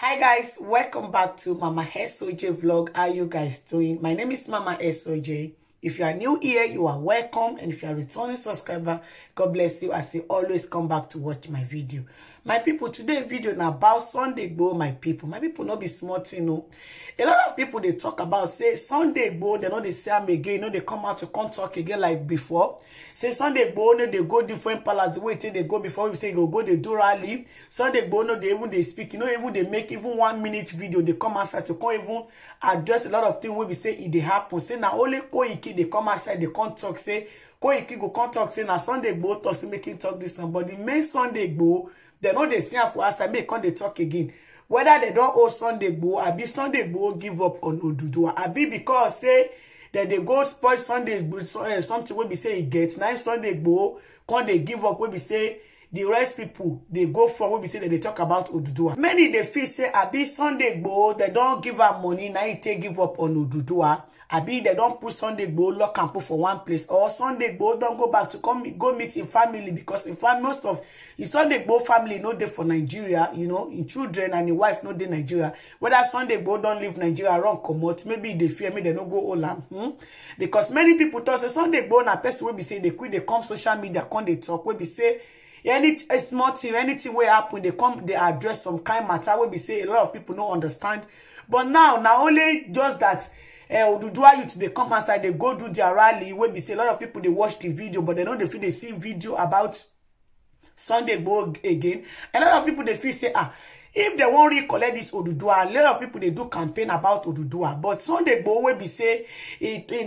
hi guys welcome back to mama soj vlog how you guys doing my name is mama soj If you are new here, you are welcome. And if you are returning subscriber, God bless you as you always come back to watch my video. My people, today video na about Sunday go, my people. My people not be small thing, you know. A lot of people, they talk about, say, Sunday go, they know they say am again. You know, they come out to come talk again like before. Say, Sunday Igboho, no, they go different palace. The way they go before, we say, go, go, they do rally. Sunday Igboho, no, they even, they speak. You know, even they make even one minute video. They come outside to come even address a lot of things. We say, it e happens. Say, now only go koiki dey come outside dey come talk say koiki go come talk say na sunday igboho talk say make him talk dis one but di main sunday igboho dem no dey see am for outside make come dey talk again whether dem don hold sunday igboho abi sunday igboho give up on oduduwa abi because say dem dey go spoil sunday igboho eh, something wey be say e get na sunday igboho come dey give up wey be say the rest people they go from wey we say dem dey talk about oduduwa many dey feel say abi sunday go. They don't give up money na im give up on oduduwa abi they don't put sunday go. lock am put for one place or sunday go don't go back to come go meet im family because in fact most of im sunday go family no dey for nigeria you know im children and im wife no dey nigeria whether sunday go don't leave nigeria wrong comot maybe they fear me. They no go hold hmm? because many people talk say sunday go na person wey be say they quit. They come social media come they talk wey be say any small thing anything will happen They come they address some kind matter will be say a lot of people don't understand but now not only just that eh, oduduwa youth they come outside they go do their rally will be say a lot of people they watch the video but they don't feel they see video about sunday gboo again a lot of people they feel say ah if they won't recollect this oduduwa a lot of people they do campaign about oduduwa but sunday go wey be say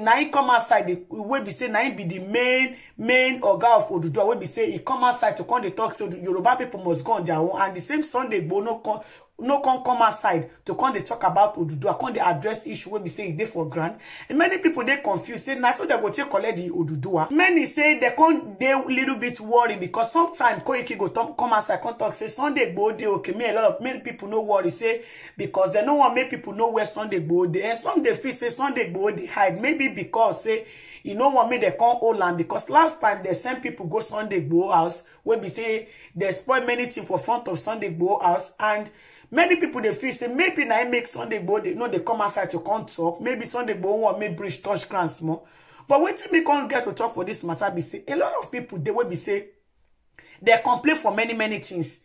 na him come outside wey be say na be the main main oga of oduduwa wey be say e come outside to come dey talk." So yoruba people must go on dia own and the same sunday gbowon no no come come outside to come they talk about oduduwa come they address issue wey be say they e for grant. and many people they confused say now, so they go take collect the oduduwa ah. many say they come They little bit worried because sometimes koiki go come outside come talk say sunday go. dey okay me a lot of many people no worry say because they no want make people know where sunday go. dey and some they feel say sunday go they hide maybe because say you e no wan me they come hold land because last time they send people go sunday go house wey be say they spoil many things for front of sunday go house and many people they feel say maybe na im make sunday they no they come outside to come talk maybe sunday go wan make bridge touch ground more. but wetin me come get to talk for this matter be say a lot of people they will be say they complain for many many things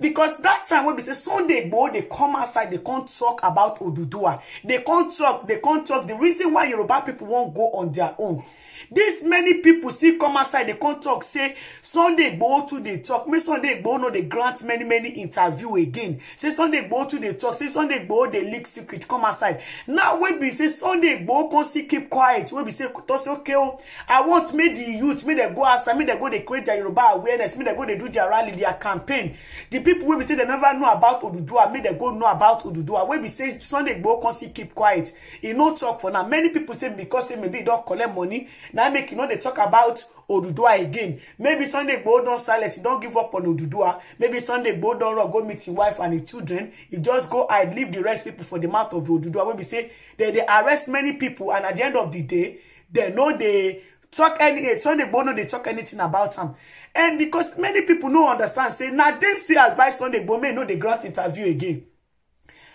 because that time when we say sunday gboo they come outside They can't talk about Odudua. They can't talk. They can't talk. The reason why yoruba people won't go on their own This many people see come outside They can't talk. say sunday gboo to dey talk. Me sunday gboo no they grant many many interview again say sunday gboo to dey talk. say sunday gboo they leak secret come outside now when we say sunday gboo con see keep quiet When we say say okay oh, i want me the youth Me they go outside Me they go they create their yoruba awareness Me they go they do their rally their campaign The people will be say they never know about Oduduwa, make they go know about Oduduwa. Wey we say Sunday Igboho come see keep quiet. He no talk for now. Many people say because say maybe he don collect money, now make you know they talk about Oduduwa again. Maybe Sunday Igboho don't silent, he don give up on Oduduwa. Maybe Sunday Igboho don't go meet his wife and his children. He just go I leave the rest people for the mouth of Oduduwa. Wey we say they they arrest many people and at the end of the day, they know they talk any eh, Sunday Bono, they talk anything about him. And because many people no understand, say, now nah, them still advise Sunday Bono, may know the grant interview again.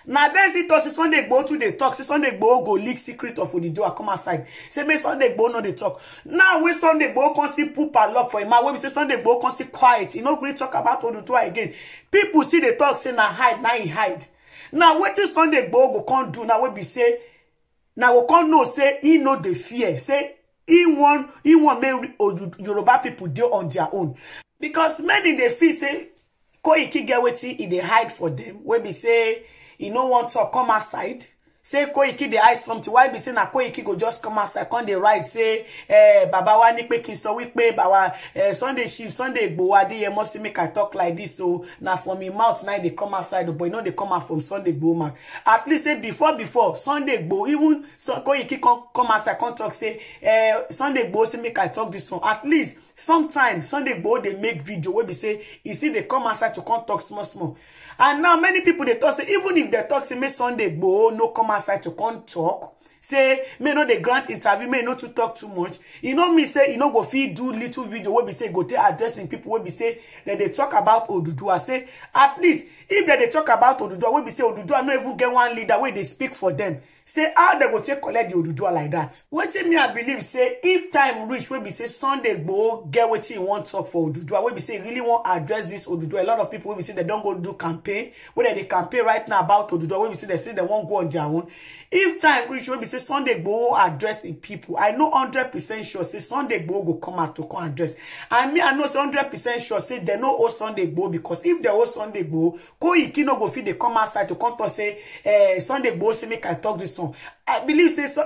Now nah, then see to see Sunday Igboho too they talk. See Sunday Igboho go leak secret of the Odidoa come outside. Say make Sunday Igboho no dey talk. Now when Sunday Igboho come see poop and lock for him, when we say Sunday Igboho come see quiet, he no great talk about Odidoa again. People see they talk say now hide, Now he hide. Now what is Sunday Igboho go can't do? Now we be say, now we can't know say he know the fear. Say e wan make yoruba people do on their own because many they feel say koiki get wetin they hide for them. wey be say e no wan tok come outside say koiki dey hide something why be say na koiki go just come outside come dey write say eh, baba wa ni pé kí so sọ wípé baba eh, sunday shift sunday igbowo adeyemo say make i talk like this so na from im mouth na e dey come outside but e no dey come out from sunday igbowo mouth at least say before before sunday igbowo even so, koiki come come outside come talk say eh, sunday igbowo say make i talk this one at least sometimes sunday Igboho they make video where be say "You see, they come outside to come talk small small and now many people they talk say even if they talk say make sunday Igboho no come outside to come talk say may no dey grant interview may no too talk too much e no mean say e no go fit do little video wey be say e go take addressing people wey be say dem dey talk about oduduwa say at least if dem dey talk about oduduwa wey be say oduduwa no even get one leader wey dey speak for dem say how dem go take collect di oduduwa like dat wetin me i believe say if time reach wey be say sunday go get wetin e wan talk for oduduwa wey be say e really wan address dis oduduwa a lot of people wey be say dem don go do campaign wey dem dey campaign right now about oduduwa wey be say dem say dem wan go on their own if time reach wey be say Sunday go address the people. I know hundred percent sure say Sunday Igboho go come out to come address. I me I know hundred percent sure say they no hold Sunday Igboho because if they hold Sunday Igboho, Koiki no go fit dey come outside to come to say, eh, Sunday Igboho say make I talk this song. I believe say so,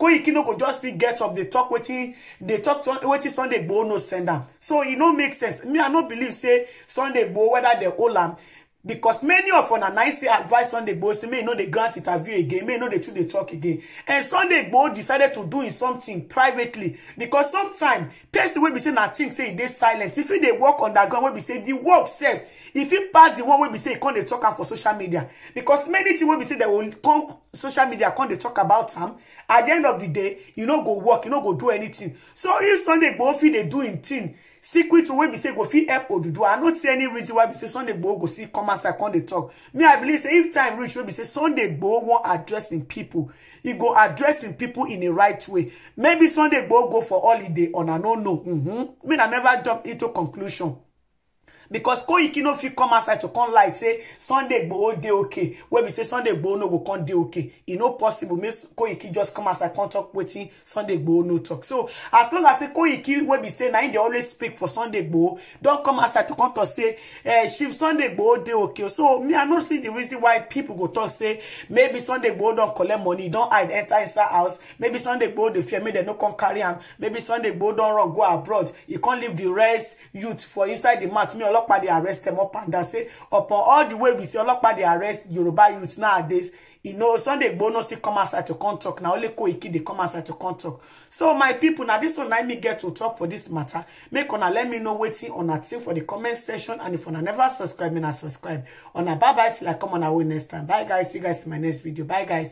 Koiki no go just be get up, they talk wetin, they talk wetin Sunday Igboho no send am. So it e no make sense. Me, I no believe say Sunday Igboho whether they hold am because many of on a say advice sunday igboho say make e no grant interview again make e no dey too dey talk again and sunday igboho decided to do im something privately because sometimes person wey be say na think say they silent if e dey work underground wey be say the work sef If you pass the one wey be say come they talk am for social media because many things wey be say they will come social media come they talk about am at the end of the day you e know go work you e know go do anything so if sunday igboho feel they do im thing secret way be say go fit help odudu i not see any reason why be say sunday gboo go see come outside come dey talk me i believe say if time reach wey be say sunday gboo wan addressing people. He go addressing people in the right way maybe sunday gboo go for holiday on i no know mm mm-hmm. me i never jump into conclusion because Koiki no fit come outside to come lie say Sunday Igboho dey okay wey be say Sunday Igboho no go come dey okay e no possible make Koiki just come outside come talk wetin Sunday Igboho no talk so as long as say Koiki wey be say na him dey always speak for Sunday Igboho don come outside to come talk say eh Chief Sunday Igboho dey okay so me I no see the reason why people go talk say maybe Sunday Igboho don collect money don hide enter inside house maybe Sunday Igboho dey fear make dem no come carry am maybe Sunday Igboho don run go abroad e come leave the rest youth for inside the mat me olo Ọlọ́pàá they arrest them up and down. Say upon all the way we see Ọlọ́pàá they arrest Yoruba youth nowadays. You e know Sunday Igboho to come outside to contact. Now only Koiki they come outside to contact. So my people, now this one na me get to talk for this matter. Make una let me know waiting on una think for the comment section and if una never subscribe, una subscribe. Una bye bye till I come on our way next time. Bye guys. See you guys in my next video. Bye guys.